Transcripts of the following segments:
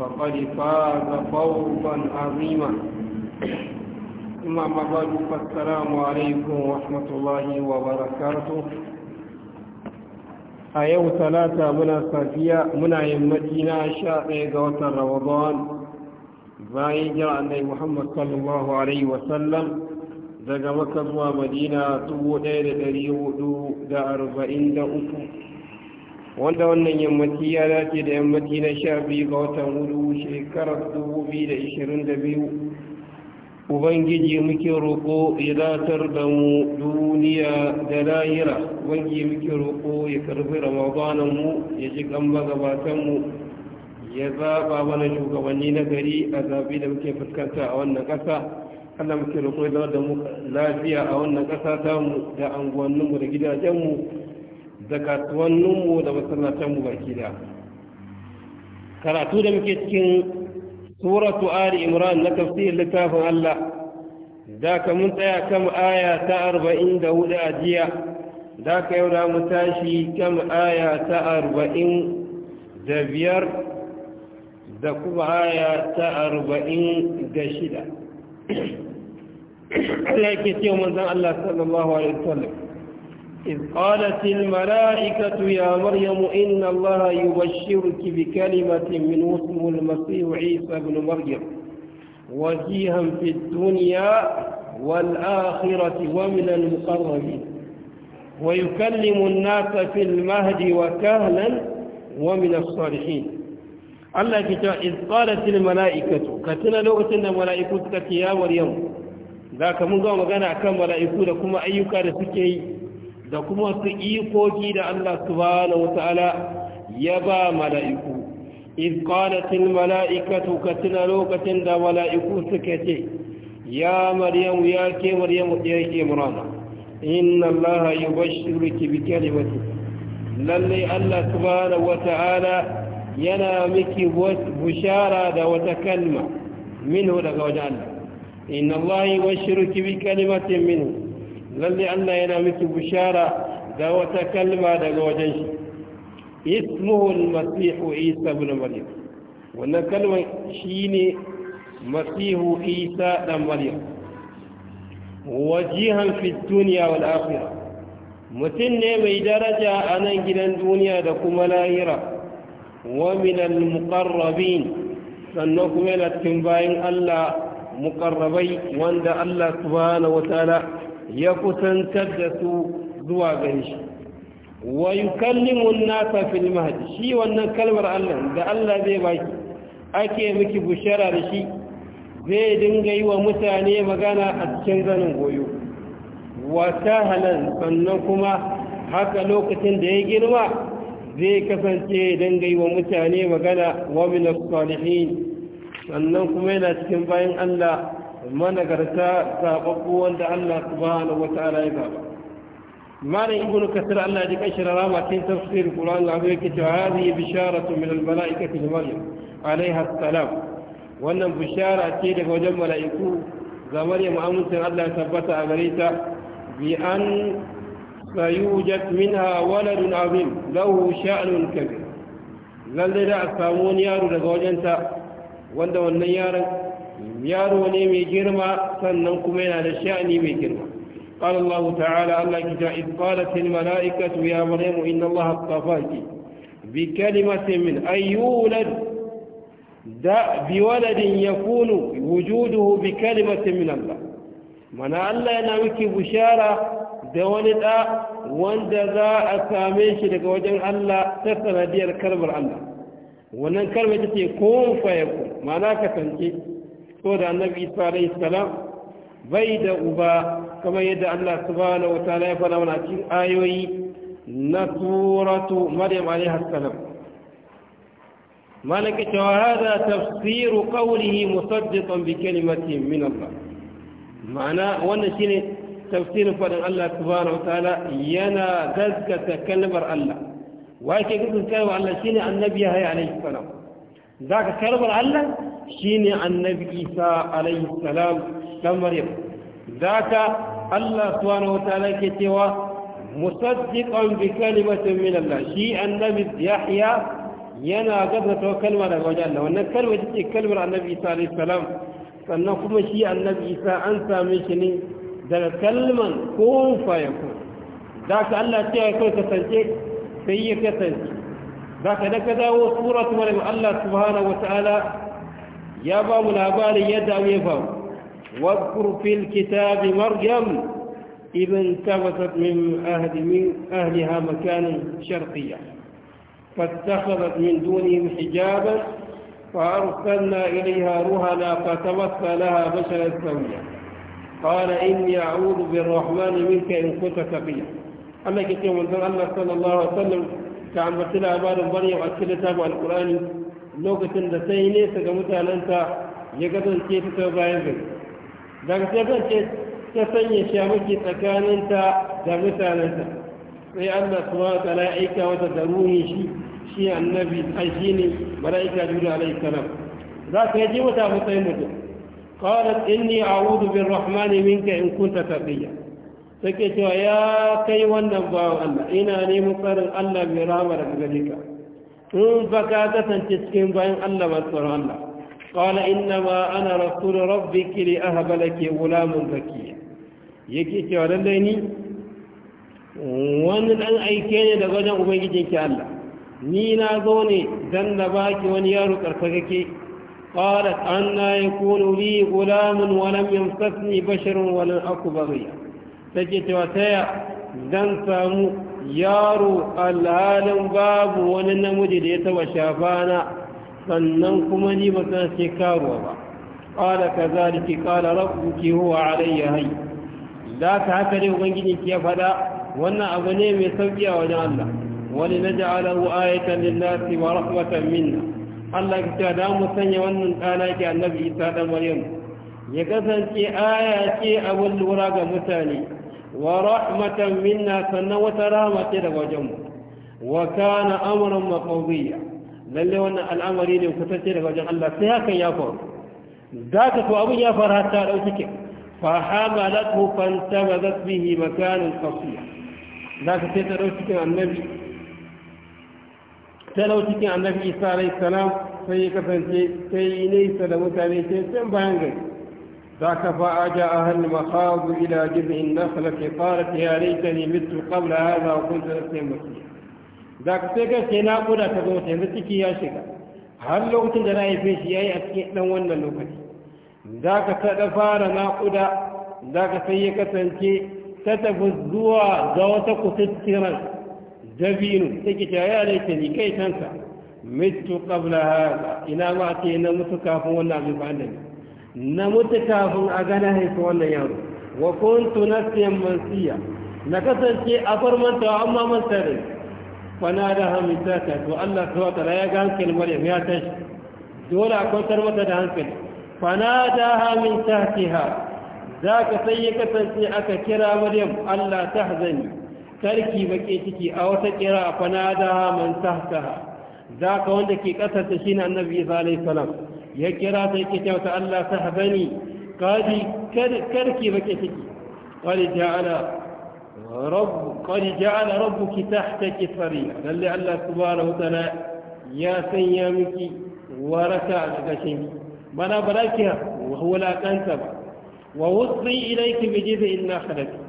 فقد فاز فوزا عظيما ثم بعد فالسلام عليكم ورحمة الله وبركاته a yau talata muna safiya muna yammaci na sha ɗaya ga watan ramadan bayan jira annai muhammad daga makazuwa madina dubu ɗaya da hudu da arba'in da uku wanda wannan yammaci ya dace da yammaci na sha biyu ga watan hudu shekarar dubu biyu da ishirin da biyu ubangiji muke roƙo ya zatar da mu duniya da lahira ubangiji muke roƙo ya karfi ramadanan mu ya ji gamba gabatan ya zaɓa mana shugabanni na gari a zaɓi da muke fuskanta a wannan ƙasa Allah muke roƙo ya zama da lafiya a wannan ƙasa ta mu da anguwanninmu da gidajenmu da kasuwanninmu da masallatanmu baki da karatu da muke cikin suratu ari imran na tafsirin littafin Allah da ka mun tsaya kan aya ta arba'in da hudu a jiya da ka yau da mu tashi kan aya ta arba'in da biyar da kuma aya ta arba'in da shida Allah ke ce manzon Allah sallallahu alaihi wasallam إذ قالت الملائكة يا مريم إن الله يبشرك بكلمة من اسمه المسيح عيسى بن مريم وجيها في الدنيا والآخرة ومن المقربين ويكلم الناس في المهد وكهلا ومن الصالحين الله كتاب إذ قالت الملائكة كتنا لغة الملائكة يا مريم ذاك منذ قام مغانا كم ملائكة لكم أيكار رسكي da kuma su ikoki da Allah subhanahu wata'ala ya ba mala'iku iz qalatil mala'ikatu katina lokacin da mala'iku suka ce ya maryamu ya ke maryamu ya ke murana inna Allah ki bi kalimati Lallai Allah subhanahu wata'ala yana miki bushara da wata kalma minhu daga wajen Allah inna Allah ki bi kalimatin minhu lalle Allah yana miki bishara da wata kalma daga wajen shi ismuhu al-masihu isa ibn maryam wannan kalmar shine masihu isa dan maryam wajihan fi dunya wal akhirah mutum ne mai daraja a nan gidan duniya da kuma lahira wa min al-muqarrabin sannan kuma yana cikin bayan Allah muqarrabai wanda Allah subhanahu wataala ya kusantar da su zuwa gani shi wa yukallimun nasa fil mahdi shi wannan kalmar Allah da Allah zai baki ake miki bushara da shi zai dinga yi wa mutane magana a cikin zanin goyo wa sahalan sannan kuma haka lokacin da ya girma zai kasance dinga yi wa mutane magana wa min salihin sannan kuma yana cikin bayan Allah managarta zaɓaɓɓu wanda Allah subhanahu wata'ala ya zaɓa malam ibnu kasir Allah ya kai shirara ma cikin tafsirin Qur'an da yake cewa hadhihi bisharatu min al-mala'ikati li Maryam alaiha salam wannan bishara ce daga wajen mala'iku ga Maryam amincin Allah ya tabbata a gare ta bi an sayujat minha waladun azim lahu sha'nun kabir lalle da a samu wani yaro daga wajenta wanda wannan yaron yaro ne mai girma sannan kuma yana da sha'ani mai girma قال الله تعالى الله كجاء إذ قالت الملائكة يا مريم إن الله اصطفاك بكلمة من أن يولد بولد يكون وجوده بكلمة من الله من الله ينامك بشارة دولد وان ذا أساميش لك وجه الله تسنى دي الكلمة الله وانا الكلمة تتي كون فيكون معناك تنكي so da annabi isa alaihi salam bai da uba kamar yadda Allah subhanahu wa ya fara wani cikin ayoyi na suratu maryam alaihi salam malaka cewa hada tafsiru qawlihi musaddiqan bi kalimatin min Allah ma'ana wannan shine tafsirin fadin Allah subhanahu wa ta'ala yana gaskata kalmar Allah wa yake gaskata kalmar Allah shine annabi Yahya alaihi salam za ka karbar Allah shi ne annabi isa alaihi salam ɗan maryam za ka Allah subhanahu wa ta'ala ke cewa musaddiqan bi kalimatin min Allah shi annabi Yahya yana gaskata kalma daga wajen Allah wannan kalma ce kalmar annabi isa alaihi salam sannan kuma shi annabi isa an same shi ne daga kalman kun fa yakun da ka Allah ce ya kai kasance sai ya kasance zaka da ka dawo suratu maryam Allah subhanahu wataala ya ba mu labarin واذكر في الكتاب مريم إذ انتبثت من, أهل من أهلها مكانا شرقيا فاتخذت من دونهم حجابا فأرسلنا إليها رهلا فتمثل لها بشرا سويا قال إني أعوذ بالرحمن منك إن كنت تقيا أما كثير من الله صلى الله عليه وسلم ka ambaci labarin maryam a cikin littafin alkurani lokacin da sai nesa ga mutanenta ya kasance ta ta bayan gari daga sai kasance ta sanya shamaki tsakaninta da mutanenta sai allah subhanahu ta'ala ya aika wata da ruhin shi shi annabi ai shi ne mala'ika jibril alaihi salam za ka yi mata matsayin mutum qalat inni a'udhu birrahmani minka in kunta taqiya take cewa ya kai wannan bawan Allah ina neman tsarin Allah mai rama daga gare ka in ba ka kasance cikin bayan Allah ba tsoron Allah qala ina ma ana rasu da rasul rabbiki li ahaba laki gulamun zakiya yake cewa lallai ni wani ɗan aike ne da wajen ubangijin ki Allah ni na zo ne don na baki wani yaro karfakake qalat anna yakunu li gulamun wa lam yamsasni basharun bashirin wani aku baghiya take cewa taya zan samu yaro alhalin babu wani namiji da ya taba shafana sannan kuma ni ba san sai karuwa ba qala kadhalika qala rabbuki huwa alayya hayy da ka haka ne ubangiji ki ya fada wannan abu ne mai sauƙi a wajen Allah wani na naj'alahu ayatan lin-nasi wa rahmatan minna Allah ya ce da mu sanya wannan dana ki annabi Isa dan Maryam ya kasance aya ce abin lura ga mutane wa rahmatan minna sannan wata rama ce daga wajenmu wa kana amran maqdiya lalle wannan al'amari ne kusa ce daga wajen Allah sai hakan ya faru zaka to abun ya faru har ta dauki ke fa hamalatu fantabazat bihi makanan qasiya zaka sai ta dauki ke annabi ta dauki ke annabi Isa alayhi salam sai ya kasance sai ne da mutane sai bayan gari ذاك فأجا أهل المخاض إلى جذع النخلة قالت يا ليتني مت قبل هذا وكنت نفسي مسلم ذاك سيكا سينا قد تزوت يمسكي يا شكا هل لو كنت لا يفيش يا أسكي نوانا لوكتي ذاك سأدفار ناقدا ذاك سيكا سنكي ستفزوا زوتك سترا جبين سيكا يا ليتني كي تنسى مت قبل هذا إلى ما أتينا متكافونا نعم na mutu kafin a gana haifi wannan yaro wa kuntu nasiyan mansiya na kasance a wa amma manta da fana da hamita ta to Allah ta wata ya ga hankali maryam ya tashi dole a kwantar mata da hankali fana da hamita ta za ka sai ya kasance aka kira maryam Allah ta hazani karki baki ciki a wata kira fana da hamita ta za ka wanda ke kasar ta shi na annabi isa alaihi salam ya kira sai ke kyauta Allah ta sahabani kadi karki bake ciki qad ja'ala rabb qad ja'ala rabbuki tahtaki sariya lalle Allah subhanahu wa ta'ala ya sanya miki waraka a gashin bana barakiya wa huwa la wulaƙanta ba wa wusri ilayki bi jiz'in nakhlati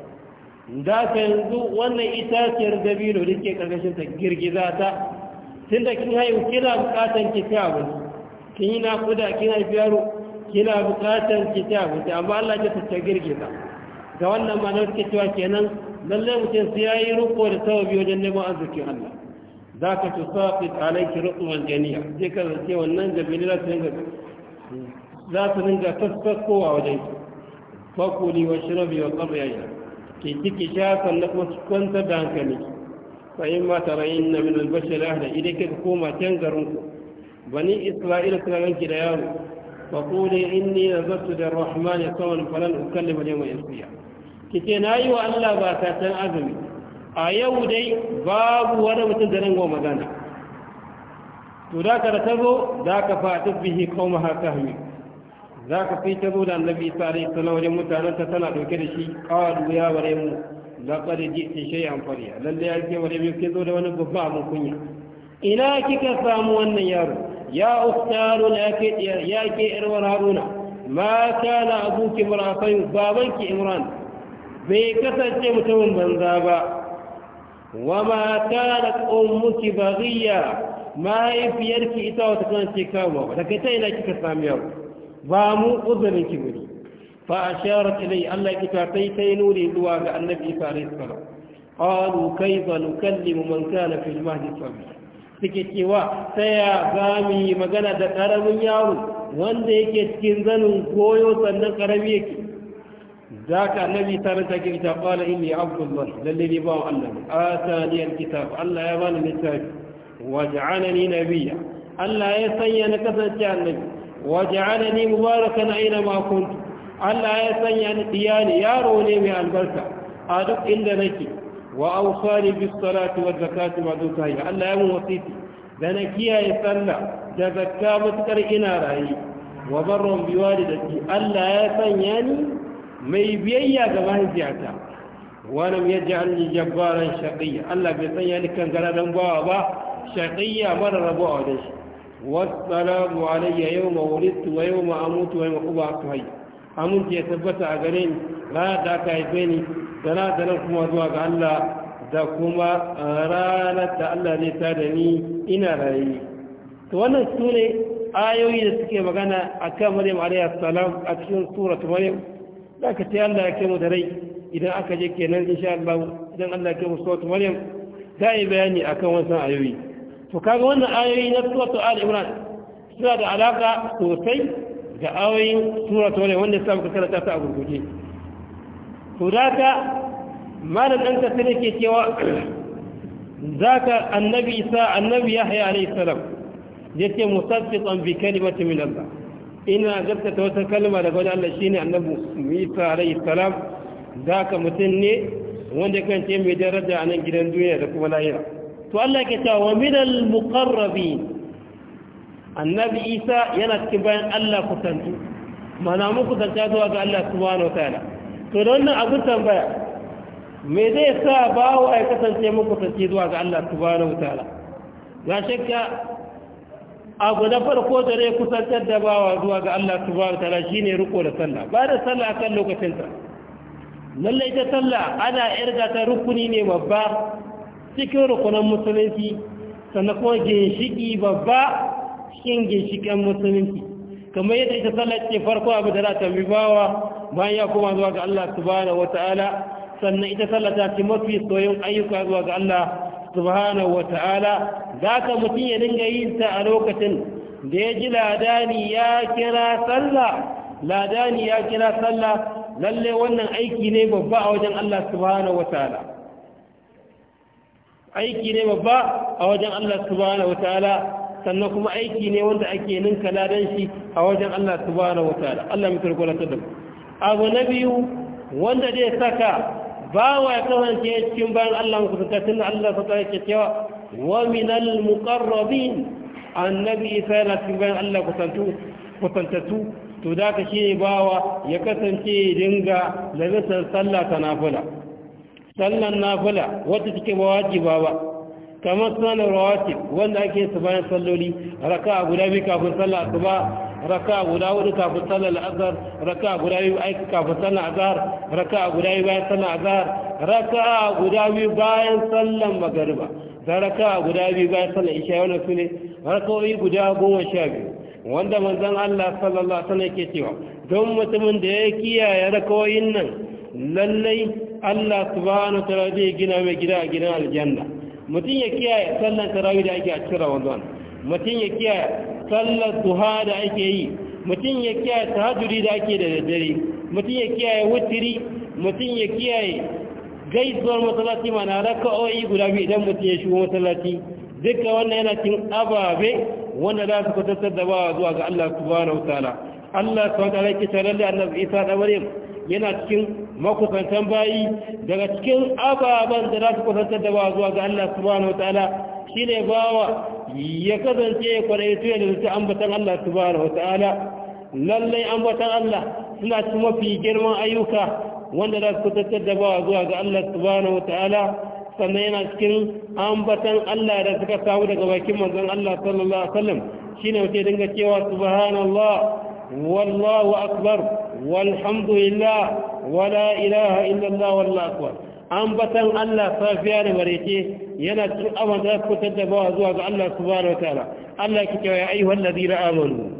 da ka yanzu wannan itaciyar dabino da ke ƙarƙashin ta girgiza ta tun da kin haihu kina buƙatan ki ci abinci kin yi naƙuda kin haifi yaro kina buƙatar ki ta abinci amma Allah ya ta girgiza ga wannan ma'anar suke cewa kenan lallai mutum sai ya yi riko da biyu wajen neman arzikin Allah za ka ci saƙi alaiki rukunan janiya zai kasance wannan jabili za su dinga sassakowa wajen ki fakuli wa shirabi wa ƙaryayya ke ciki sha sannan kuma su kwantar da hankali fa in ma tara yin na min albashir ahla idan kika koma can garin ku bani isra'ila suna ranki da yaro fa quli inni nazartu lirrahmani sawman falan ukallima al Ki ce na yi wa Allah ba ta azumi a yau dai babu wani mutum da nan go magana to da ka ta zo za ka fatu bihi qaumaha kahmi za ka fi ta zo da annabi isa alaihi salam wajen mutanen ta tana dauke da shi qalu ya bare mu laqad ji'ti shay'an fariya lallai ya ke bare mu ke zo da wani babba mun kunya ina kika samu wannan yaro ya ukhti haruna ya ke ya ke irwar haruna ma kana abuki murafai babanki imran bai kasance mutumin banza ba wa ma kana ummuki baghiya mahaifiyarki ita wata kan ce kawo ba daga ta ina kika sami yau ba mu uzurin ki guri fa asharat ilai Allah ki ta kai nuri zuwa ga annabi Isa alayhi salam qalu kayfa nukallimu man kana fil mahdi sabiya suke cewa sai ya za mu yi magana da ƙaramin yaro wanda yake cikin zanin goyo sannan ƙarami yake za ka annabi ta ke ita ƙwala in ya abdullah lalle ne ba wa Allah ne a taniyar kitab Allah ya bani littafi wa ja'ana ni na biya? Allah ya sanya na kasance annabi wa ja'ana ni mubarakan aina ma kuntu Allah ya sanya ni diya ne yaro ne mai albarka a duk inda nake wa awsani bi salati waz zakati ma duka hayya Allah ya mun wasiti da na kiyaye sallah da zakka mutakar ina rayi wa barron bi walidati Allah ya sanya ni mai biyayya ga mahaifiyata wa lam yaj'alni jabbaran shaqiyya Allah bai sanya ni kan garadan bawa ba shaqiyya mara rabuwa da shi والسلام علي يوم ولدت ويوم أموت tabbata a حي أمنت يتبت أغرين ka haife ni. sana da nan kuma zuwa ga Allah da kuma ranar da Allah zai ta da ni ina rayu. to wannan su ne ayoyi da suke magana a kan maryam alaihi salam a cikin suratu maryam da ka ce Allah ya kai da rai idan aka je kenan insha Allah idan Allah ya kai suratu maryam za yi bayani akan wannan ayoyi to kaga wannan ayoyi na suratu ali imran suna da alaka sosai ga ayoyin suratu maryam wanda sa muka karanta ta a gurguje to da ka malam ɗan kasar yake cewa za ka annabi isa annabi ya haya alai salam ya ce musaddiqan bi kalimati min Allah ina ta wata kalma daga wani Allah shine annabi isa alai salam za ka mutum ne wanda kan ce mai daraja a nan gidan duniya da kuma lahira to Allah ke cewa wa min al muqarrabin annabi isa yana cikin bayan Allah kusantu mana mu kusanta zuwa ga Allah subhanahu wa ta'ala to da wannan abin tambaya me zai sa bawa ya kasance muku tace zuwa ga Allah subhanahu wataala ga shakka abu na farko da zai kusantar da bawa zuwa ga Allah subhanahu wataala shine riko da sallah ba da sallah akan lokacin ta lalle ita sallah ana irga ta rukuni ne babba cikin rukunan musulunci sannan kuma ginshiki babba cikin ginshikan musulunci kamar yadda ita sallah ce farko abu da za ta bi bawa bayan ya koma zuwa ga Allah subhanahu wata'ala sannan ita sallah ta ci mafi soyin ayyuka zuwa ga Allah subhanahu wata'ala za ka mutum ya dinga yin ta a lokacin da ya ji ladani ya kira sallah ladani ya kira sallah lalle wannan aiki ne babba a wajen Allah subhanahu wata'ala aiki ne babba a wajen Allah subhanahu wata'ala sannan kuma aiki ne wanda ake ninka ladan shi a wajen Allah subhanahu wataala Allah mutarkwalatar da mu abu na biyu wanda zai saka ba wa ya kasance cikin bayan Allah mutuntattun Allah ta tsarki cewa wa minal muqarrabin annabi isa yana cikin bayan Allah kusantattu to da ka shi bawa ya kasance dinga lalisar sallah ta Sallar sallan nafila wata take ba wajiba ba kamar sanar rawatib wanda ake su bayan salloli raka guda biyu kafin sallah ba. raka guda hudu kafin sallar azhar raka guda biyu aiki kafin sallar azhar raka guda biyu bayan sallar azhar raka guda biyu bayan sallar magariba da raka guda biyu bayan sallar isha wannan su ne rakawoyi guda goma sha biyu wanda manzon Allah sallallahu alaihi wasallam yake cewa don mutumin da ya kiyaye rakawoyin nan lallai Allah subhanahu wataala zai gina mai gida a gidan aljanna mutum ya kiyaye sallar tarawih da ake a cikin Ramadan mutum ya kiya sallar duha da ake yi mutum ya kiya tahajjudi da ake da daddare mutum ya kiyaye wutiri mutum ya kiyaye gaisuwar masallaci mana raka'o'i guda biyu idan mutum ya shigo masallaci duka wannan yana cin ababe wanda za su kwatantar da bawa zuwa ga Allah subhanahu ta'ala Allah subhanahu ta'ala yake tare da Annabi Isa da Maryam yana cikin makusantan bayi daga cikin ababen da za su kwatantar da bawa zuwa ga Allah subhanahu ta'ala shine bawa ya kasance ya kwadaitu ya nufi ambatan Allah subhanahu wata'ala lallai ambatan Allah suna ci mafi girman ayyuka wanda za su tattar da bawa zuwa ga Allah subhanahu wata'ala sannan yana cikin ambatan Allah da suka samu daga bakin manzon Allah sallallahu alaihi wasallam shine wace dinga cewa subhanallah wallahu akbar walhamdulillah wala ilaha illallah wallahu akbar ambatan Allah safiya da mareke yana cikin abin da fitar da bawa zuwa ga Allah subhanahu wataala Allah ki cewa ya ayyuhal ladina amanu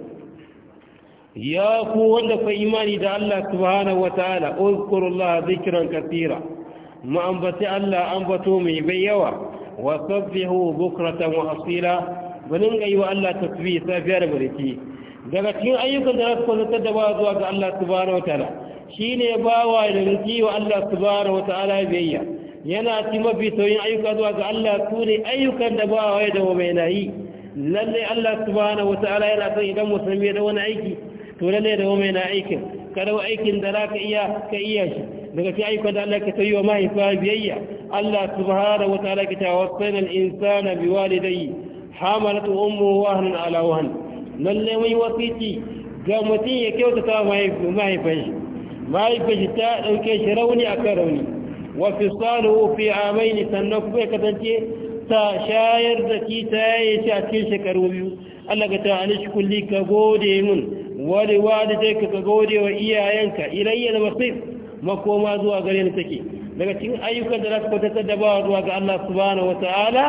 ya ku wanda fa imani da Allah subhanahu wataala uzkurullaha dhikran katira mu ambati Allah ambato mai bai yawa wa sabbihu bukratan wa asila banin ga wa Allah tasbih safiya da mareke daga cikin ayyukan da za su fitar da bawa zuwa ga Allah subhanahu wataala Shi shine bawa da rinki wa Allah subhanahu ala biyayya yana ci mafi sauyin ayyuka zuwa ga Allah su ne ayyukan da ba wa da mai na yi lallai Allah subhanahu ala yana son idan musulmi ya da wani aiki to lallai da mai na aikin ka dawo aikin da za ka iya ka iya shi daga ci ayyukan da Allah ka yi wa mahaifa biyayya Allah subhanahu wataala ka tawassana al-insana biwalidayhi hamalatu ummuhu wahnan ala wahn lallai mai wasiti ga mutum ya kyautata mahaifin shi Ma'aikaci ta ɗauke shi rauni a kan rauni wafi tsaro fi amai ne sannan kuma ya kasance ta shayar da ki ta yaye shi a cikin shekaru biyu Allah ka ta ani shi kulli ka gode mun wani walidai ka ka gode wa iyayenka ilayya da masif makoma zuwa gare ni take daga cikin ayyukan da za su kwatantar da bawa zuwa ga Allah subhanahu wa ta'ala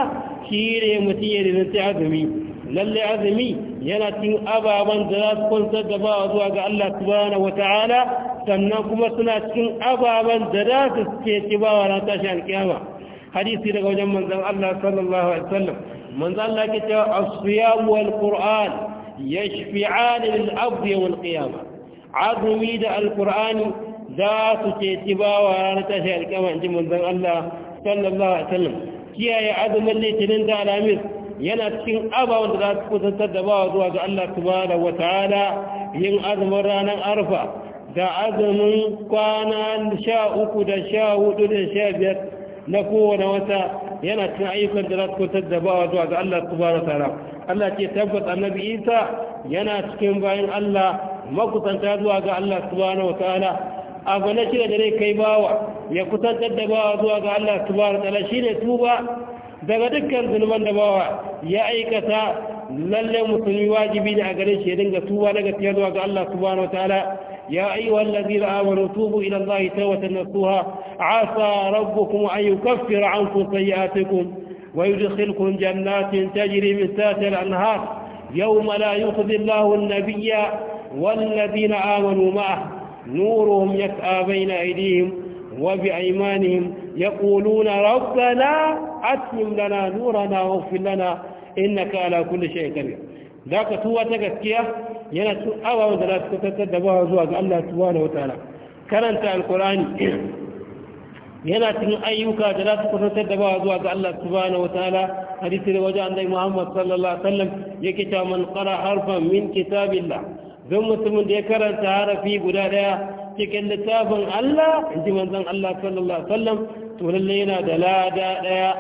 shi ne mutum ya rinanci azumi Lallai azumi yana cikin ababen da za su kwantar da bawa zuwa ga Allah subhanahu wa ta'ala sannan kuma suna cikin ababen da za su ce ci ba wa ran tashi alkiyama hadisi daga wajen manzan Allah sallallahu alaihi wasallam manzan Allah ke cewa as-siyam wal qur'an yashfi'an lil abd yawm al qiyama azumi da al qur'an za su ce ci ba wa ran tashi alkiyama inji manzan Allah sallallahu alaihi wasallam kiyaye azumin litinin da alamin yana cikin ababen da za su kusantar da wa zuwa ga Allah subhanahu ta'ala yin azumin ranar arfa da azumin kwana sha uku da sha hudu da sha biyar na kowane wata yana cin ayyukan da za su kutar da bawa zuwa ga Allah bara ta'ala Allah ce tabbas annabi Isa yana cikin bayan Allah makusanta zuwa ga Allah wa ta'ala abu na shirya da rai kai bawa ya kusantar da bawa zuwa ga Allah subhanahu ta'ala shine tuba daga dukkan zulman da bawa ya aikata lalle musulmi wajibi ne a gare shi ya dinga tuba daga tiyar zuwa ga Allah wa ta'ala يا أيها الذين آمنوا توبوا إلى الله توبة نصوها عسى ربكم أن يكفر عنكم سيئاتكم ويدخلكم جنات تجري من تحتها الأنهار يوم لا يخزي الله النبي والذين آمنوا معه نورهم يسعى بين أيديهم وبأيمانهم يقولون ربنا أتم لنا نورنا واغفر لنا إنك على كل شيء قدير ذاك توتك السكية yana cikin abawa da za su kusantar da bawa zuwa ga Allah subhanahu wataala karanta alkurani yana cikin ayyuka da za su kusantar da bawa zuwa ga Allah subhanahu wataala hadisi da wajen annabi Muhammad sallallahu alaihi wasallam yake ta man qara harfan min kitabillah don mutumin da ya karanta harafi guda daya cikin littafin Allah inji manzon Allah sallallahu alaihi wasallam to lalle yana da lada daya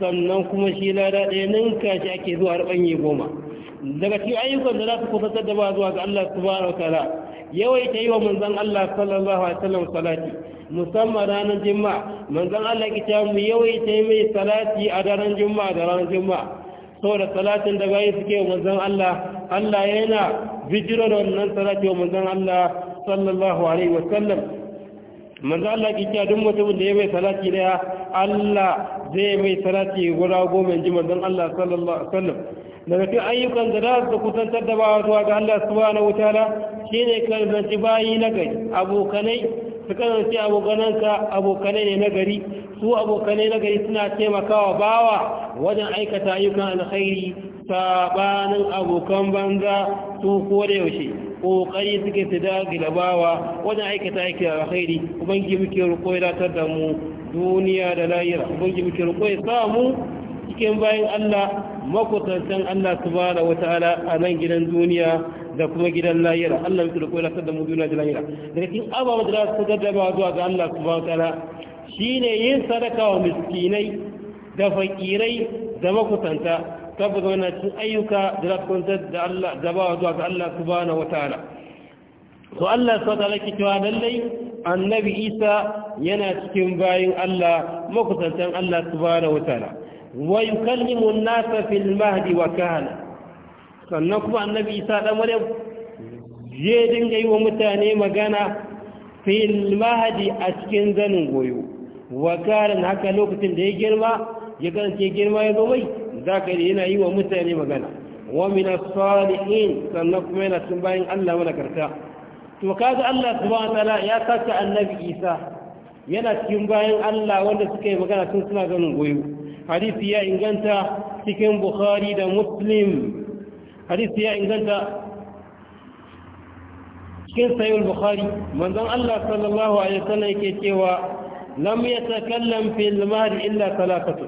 sannan kuma shi lada daya ninka shi ake zuwa arbanye goma daga cikin ayyukan da za su kusantar da ba zuwa ga Allah su subhanahu Yawai ta yi wa manzan Allah sallallahu alaihi wasallam salati musamman ranar jimma manzan Allah ki ta mu ta yi mai salati a daren jimma da ranar Sau saboda salatin da bayan suke wa manzan Allah Allah yana bijiro da wannan salati wa manzan Allah sallallahu alaihi wasallam manzan Allah ki ta duk mutumin da ya mai salati daya Allah zai mai salati guda goma in ji manzan Allah sallallahu alaihi wasallam daga cikin ayyukan da za su kusantar da bawa zuwa ga Allah subhanahu wataala shine kalbanci bayi na gari abokanai su ce abokananka abokanai ne na gari su abokanai na gari suna taimakawa bawa wajen aikata ayyukan alkhairi sabanin abokan banza su ko yaushe ko kokari suke su dagila bawa wajen aikata aikin alkhairi ubangi muke roƙo ya da mu duniya da lahira ubangi muke roƙo ya samu cikin bayan Allah makusantan Allah su subhanahu wataala a nan gidan duniya da kuma gidan layira. Allah ya tsoro koyar da mu duniya da lahira daga cikin ababa da za su gaddaba zuwa ga Allah su subhanahu wataala ne yin sadaka wa miskinai da fakirai da makusanta tabbata wannan cikin ayyuka da za su kwantar da Allah gabawa zuwa ga Allah su subhanahu wataala to Allah su wataala ke cewa lallai annabi isa yana cikin bayin Allah makusantan Allah su subhanahu wataala wa yukallimu an-nasa fil mahdi wa kana sannan kuma annabi isa da maryam je dinga yi wa mutane magana fil mahdi a cikin zanin goyo wa kana haka lokacin da ya girma ya kasance girma ya Za ka yi yana yi wa mutane magana wa min as-salihin sannan kuma yana cikin bayan Allah wala karta to kaga Allah subhanahu ta'ala ya saka annabi isa yana cikin bayan Allah wanda suka yi magana sun suna ganin goyo hadisi ya inganta cikin bukhari da muslim hadisi ya inganta cikin sayin bukhari manzon Allah sallallahu alaihi wasallam yake cewa lam yatakallam fil mahr illa thalathatu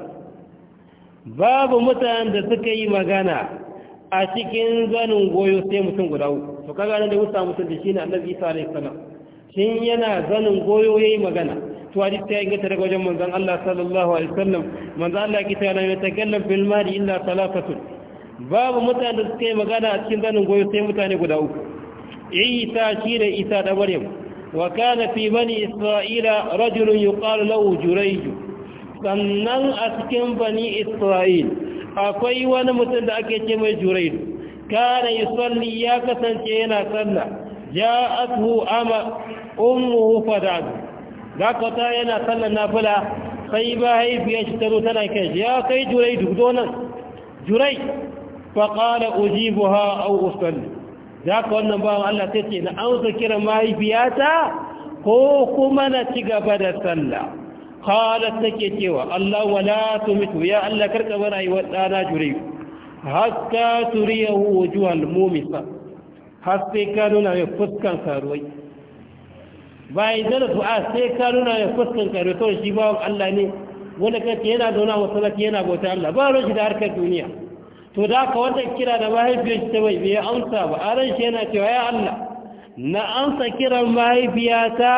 babu mutanen da suka yi magana a cikin zanin goyo sai mutum guda uku to kaga nan da mutum da shine annabi Isa alaihi salam shin yana zanin goyo yayi magana to hadis ta inganta daga wajen manzon Allah sallallahu alaihi wasallam manzon Allah yake cewa la takallam bil mali illa salatatu babu mutane da suka yi magana a cikin zanin goyo sai mutane guda uku isa shi da isa da maryam wa kana fi bani isra'ila rajulun yuqalu lahu jurayj sannan a cikin bani isra'il akwai wani mutum da ake ce mai jurayj kana yusalli ya kasance yana sallah ja'athu ama ummuhu fada'at za ka yana sallar nafula. sai mahaifiyar shi ta tana kai ya kai jurai duk nan jurai faƙala uji ha au usalli za ka wannan bawan Allah sai ce na amsa kira mahaifiyata ko kuma na ci gaba da sallah ta take cewa Allah wala tumitu ya Allah karka bar rayuwar dana jurai hatta turiyahu wujuhal mumisa har sai ka nuna mai fuskan karuwai bayan zana du'a sai ka nuna ya fuskan kare kawai shi wa Allah ne wanda kace yana zauna salati yana bauta Allah ba ran shi da harkar duniya to da ka wannan kira da mahaifiyar shi ta bai bai amsa ba a ran shi yana cewa ya Allah na amsa kiran mahaifiyata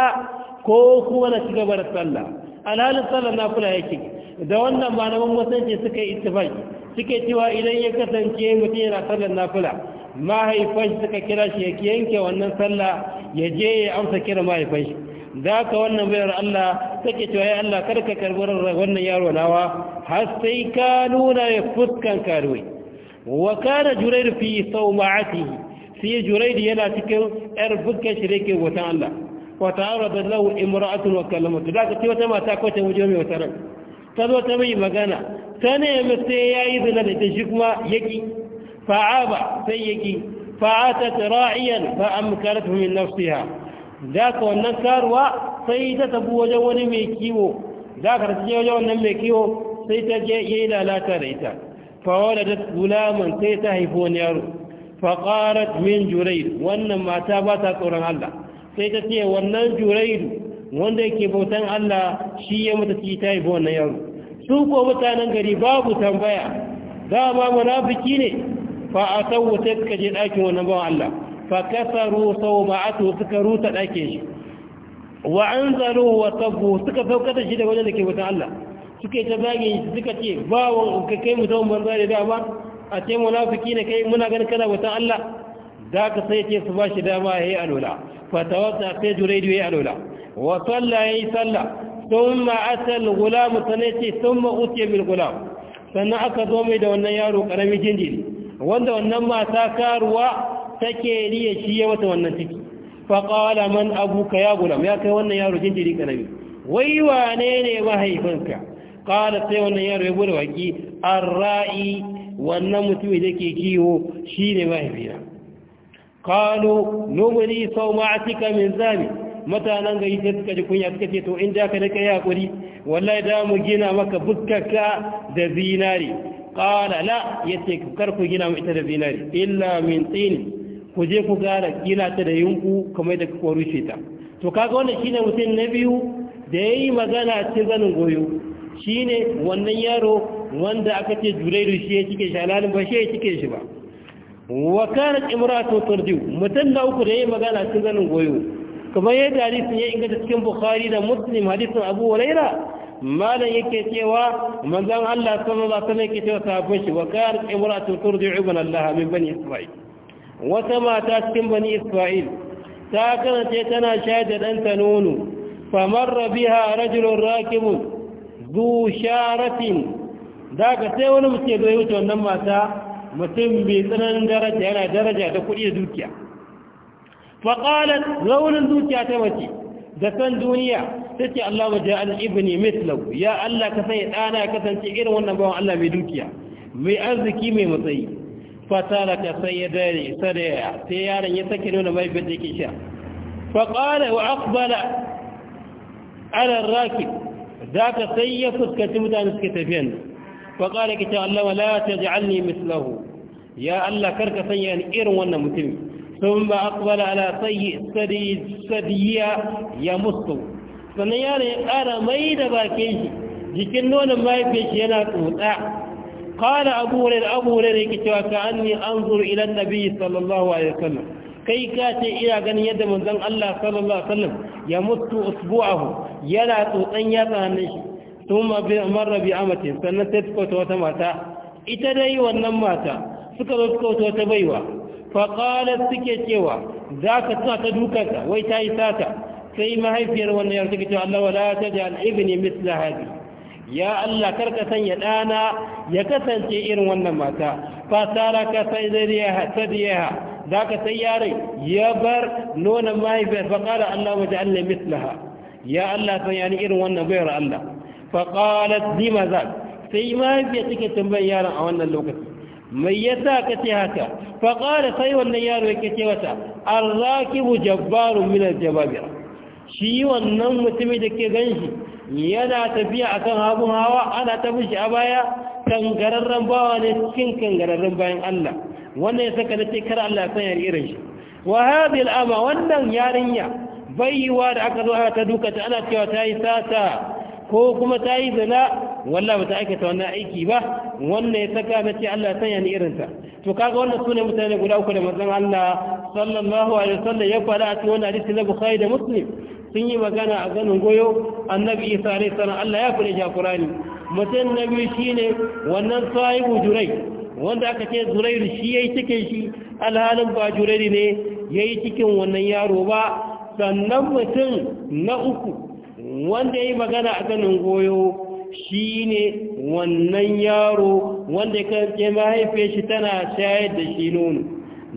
ko kuma na ci gaba da sallah alhalin sallah na kula yake da wannan malaman musanci suka yi ittifaki suke cewa idan ya kasance mutum yana sallar nafila mahaifan shi suka kira shi ya yanke wannan sallah ya je ya amsa kira mahaifan shi za ka wannan bayar Allah take cewa ya Allah ka karbar wannan yaro nawa har sai ka nuna ya fuskan karuwai wa kana jurayr fi sawma'atihi sai jurayr yana cikin yar fuskan shi yake wutan Allah wa ta'arada lahu imra'atu wa kallamatu da ka ce wata mata ko ta wuje mai wata ran ta zo ta mai magana ta ne sai yayi zina da shi kuma yaki fa'aba sai yaki fa'atat ra'iyan fa amkaratu min nafsiha da ka wannan karuwa sai ta tabu wajen wani mai kiwo da ka wajen wannan mai kiwo sai ta je yayi lalata da ita fa waladat gulaman sai ta haifi wani yaro fa qarat min jurayd wannan mata ba ta tsoron Allah sai ta ce wannan jurayd wanda yake bautan Allah shi ya mata ci ta haifi wannan yaro su ko mutanen gari babu tambaya dama munafiki ne fa atau sai suka je ɗakin wannan bawan Allah fa kasaru sawba'atu suka ruta ɗakin shi wa anzaru wa tabbu suka saukar da shi da wajen da ke wutan Allah suka yi ta zage suka ce bawon ka kai mutum banza da dama a ce munafiki ne kai muna ganin kana wutan Allah Za ka sai ce su ba shi dama ya yi alola fatawata sai juraidu ya yi alola wa sallah ya yi salla sun ma'atar gulamu sanai ce sun ma'utiyar bil gulam sannan aka zo mai da wannan yaro ƙaramin jinjiri wanda wannan mata karuwa take riya shi ya wata wannan ciki faƙala man abuka ya gulam ya kai wannan yaro jinjiri ƙarami wai wane ne mahaifinka ƙala sai wannan yaro ya bude waki an wannan mutumin da ke kiwo shine ne mahaifina ƙalo nomini sau ma'atika min zami mutanen gari sai suka ji kunya suka ce to in da ka da kai haƙuri wallahi da mu gina maka bukaka da zinari qala la yace ku gina mu ita da zinari illa min tin ku je ku gara gina ta da yunku kamar da kuka rushe ta to kaga wannan shine mutum na biyu da yayi magana ta zanin goyo shine wannan yaro wanda aka ce jurairu shi ya cike shi halalin ba shi ya cike shi ba wa kanat imratu turdiu mutum na uku da yayi magana ta zanin goyo kamar yadda hadisin ya inganta cikin bukhari da muslim hadisin abu hurairah malam yake cewa manzon Allah sallallahu alaihi wasallam yake cewa sabon shi wa kan imratu turdi'u ibn Allah min bani Isra'il wata mata cikin bani Isra'il ta karanta tana shayar da danta nono famarra biha rajulun rakibun zu sharatin da ka sai wani mutum zai wuce wannan mata mutum mai tsananin daraja yana daraja da kuɗi da dukiya faƙalar raunin dukiya ta mace da san duniya ta ce Allah wa ja'al ibni mislahu ya Allah ka sanya ɗana ya kasance irin wannan bawan Allah mai dukiya mai arziki mai matsayi fatala ka sai ya dare sadaya sai yaron ya sake nuna mai bin yake sha fa qala wa aqbala ala rakib zaka sai ya fuskaci mutane suke tafiyan fa qala ka ta Allah la taj'alni mislahu ya Allah karka sanya ni irin wannan mutumin ثم أقبل على سيء ya يمصه sannan yaron ya ƙara mai da bakin shi jikin nonon mahaifin shi yana tsotsa kala abu wurin abu wurin ya cewa ka an ne an zuru ilan nabi sallallahu alaihi wasallam kai ka ce ina ganin yadda manzon Allah sallallahu alaihi wasallam ya mutu usbu'ahu yana tsotsan yatsa hannun shi thumma bi marra bi amatin sannan sai ta wata mata ita dai wannan mata suka zo suka wata baiwa faƙalar suke cewa za ka tuna ta dukansa wai ta yi sata sai mahaifiyar wannan yar suke cewa Allah wala ta ji al'ibini misla hadi ya Allah karka sanya ɗana ya kasance irin wannan mata fasara ka sai zai ya za ka sai yarai ya bar nonon mahaifiyar faƙalar Allah waje Allah mislaha ya Allah sanya ni irin wannan bayar Allah faƙalar zima za sai mahaifiyar suke tambayin yaron a wannan lokaci mai yasa ka ce haka fa sai wannan yaro yake ce wata arrakibu jabbarun min aljababira shi wannan mutumin da ke gan shi yana tafiya akan abin hawa ana tafi shi a baya kangararren bawa ne cikin kangararren bayan Allah wannan ya saka na ce kar Allah san yari irin shi wa hadhihi al'ama wannan yarinya baiwa da aka zo aka duka ta ana cewa ta yi sata ko kuma ta yi zina wallah ba ta aikata wannan aiki ba wannan ya saka na ce Allah sanya ni ta. to kaga wannan sune mutane guda uku da manzon Allah sallallahu alaihi wasallam ya fara a cikin hadisi na Bukhari da Muslim sun yi magana a ganin goyo annabi Isa alaihi salam Allah ya fara ja Qur'ani mutum na biyu shine wannan sahibu jurai wanda aka ce Jurai shi yayi cikin shi alhalin ba Jurai ne yayi cikin wannan yaro ba sannan mutum na uku wanda ya yi magana a ganin goyo shi ne wannan yaro wanda ya karfe mahaifiyar shi tana shayar da shi nono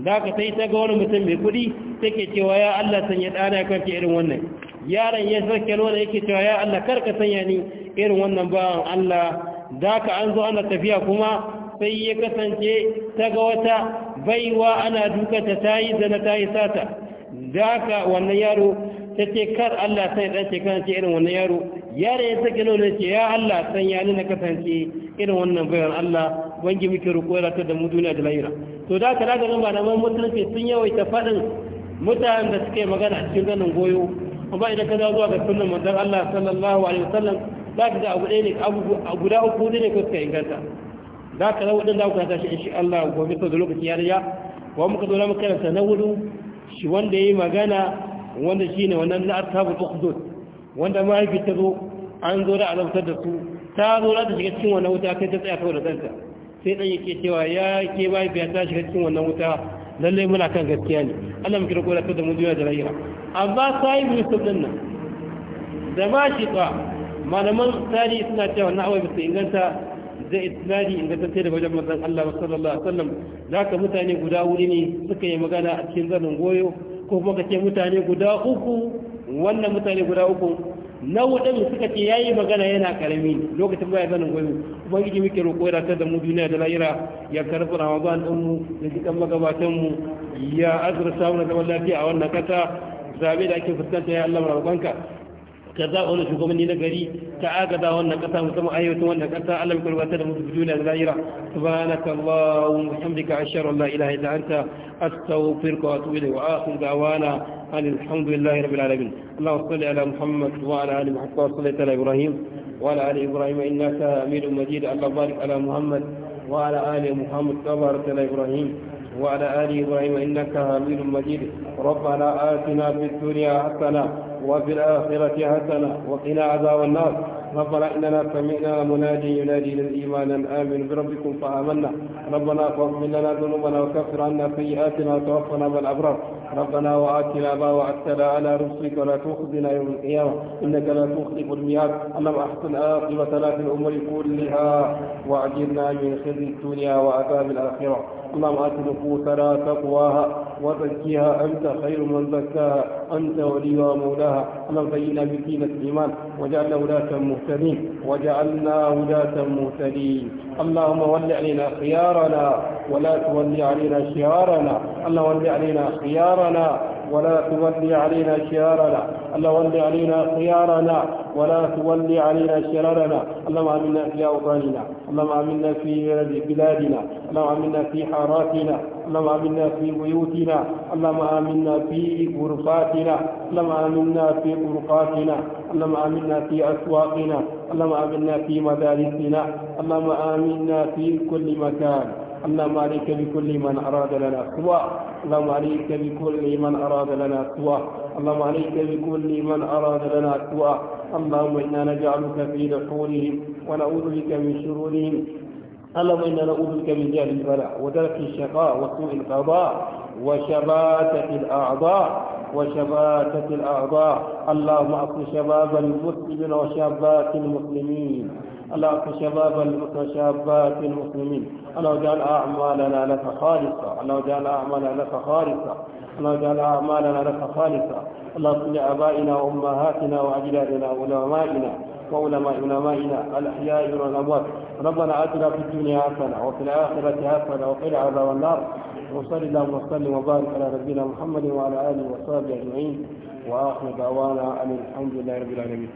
da ka sai ta ga wani mutum mai kudi take cewa ya Allah sanya ɗana ya karfe irin wannan yaron ya sarki nono yake cewa ya Allah karka sanya ni irin wannan bawan Allah da ka an zo ana tafiya kuma sai ya kasance ta ga wata baiwa ana dukata ta yi zana ta yi sata da ka wannan yaro ta ce kar Allah san ɗan ce kasance irin wannan yaro yare ya sake lona ce ya Allah san ya na kasance irin wannan bayan Allah wangi muke roƙo ya da mu duniya da lahira to da ka ga ba da man musulunci sun yawaita faɗin mutanen da suke magana cikin ganin goyo amma idan ka zuwa ga sunan manzon Allah sallallahu alaihi wasallam za ka ga abu ɗaya ne guda uku ne ko suka inganta za ka zama da ku tashi in shi Allah gobe sau da lokaci ya riya wa muka zo na makaranta na hudu shi wanda ya yi magana wanda shi ne wannan na ashabul ukhdud wanda mahaifi ta zo an zo da azabtar da su ta zo za ta shiga cikin wannan wuta kai ta tsaya saboda kanta sai dan yake cewa ya ke mahaifiya ta shiga cikin wannan wuta lalle muna kan gaskiya ne Allah mu kira ko da da mu duniya da rayuwa. amma sai mu su nan da ba shi ba malaman tarihi suna cewa na awai bisa inganta da isnadi sai da wajen manzon Allah sallallahu alaihi wasallam zaka mutane guda wuri ne suka yi magana a cikin zanin goyo ko kuma kace ce mutane guda uku wannan mutane guda uku na hudu suka ce yayi magana yana karami lokacin baya sanin gwani ubangiji muke roƙo ya ta da mu duniya da lahira ya karɓi ramadan din mu da dukkan magabatan mu ya azurta mu da zaman lafiya a wannan kasa zabe da ake fuskanta ya Allah rabbanka kaza wani shugabanni na gari ta agaza wannan kasa musamman ayyukan wannan kasa Allah ya wata da musu duniya da lahira subhanaka allahumma hamdika ashhadu an la ilaha illa anta astaghfiruka wa atubu ilayk wa akhiru da'wana alhamdulillahi rabbil alamin allahumma salli ala muhammad wa ala ali muhammad wa salli ala ibrahim wa ala ali ibrahim innaka hamidum majid allahumma barik ala muhammad wa ala ali muhammad wa barik ala ibrahim وعلى آل إبراهيم إنك حميد مجيد ربنا آتنا في الدنيا حسنة وفي الآخرة حسنة وقنا عذاب النار ربنا إننا سمعنا منادي ينادي للإيمان أن آمنوا بربكم فآمنا ربنا فاغفر لنا ذنوبنا وكفر عنا سيئاتنا وتوفنا مع الأبرار ربنا وآتنا ما وعدتنا على رسلك ولا تخزنا يوم القيامة إنك لا تخلف الميعاد اللهم أحسن عاقبتنا في الأمور كلها وأجرنا من خزي الدنيا وعذاب الآخرة اللهم آت نفوسنا تقواها وزكيها أنت خير من زكاها أنت وليها ومولاها اللهم زينا بدين الإيمان وجعلنا ولاة مهتدين المرسلين وجعلنا هداة مهتدين اللهم ول علينا خيارنا ولا تولي علينا شرارنا اللهم ول علينا خيارنا ولا تولي علينا شرارنا اللهم ول علينا خيارنا ولا تولي علينا شرارنا اللهم امنا في اوطاننا اللهم امنا في بلادنا اللهم امنا في حاراتنا اللهم امنا في بيوتنا اللهم امنا في غرفاتنا اللهم امنا في طرقاتنا اللهم آمنا في أسواقنا اللهم آمنا في مدارسنا اللهم آمنا في كل مكان اللهم عليك بكل من أراد لنا سوء اللهم عليك بكل من أراد لنا سوء اللهم عليك بكل من أراد لنا سوء اللهم إنا نجعلك في نحورهم ونعوذ بك من شرورهم اللهم إنا نعوذ بك من جهل البلاء ودرك الشقاء وسوء القضاء وشباتة الأعضاء وشباتة الأعضاء اللهم أقل شباب المسلمين وشابات المسلمين اللهم أقل شباب وشابات المسلمين اللهم اجعل أعمالنا لك خالصة اللهم اجعل أعمالنا لك خالصة اللهم اجعل أعمالنا لك خالصة اللهم اصل آبائنا وأمهاتنا وأجدادنا وعلمائنا وعلماء علمائنا الأحياء والأموات ربنا آتنا في الدنيا حسنة وفي الآخرة حسنة وقنا عذاب النار وصل اللهم وسلم وبارك على نبينا محمد وعلى اله وصحبه اجمعين واخر دعوانا ان الحمد لله رب العالمين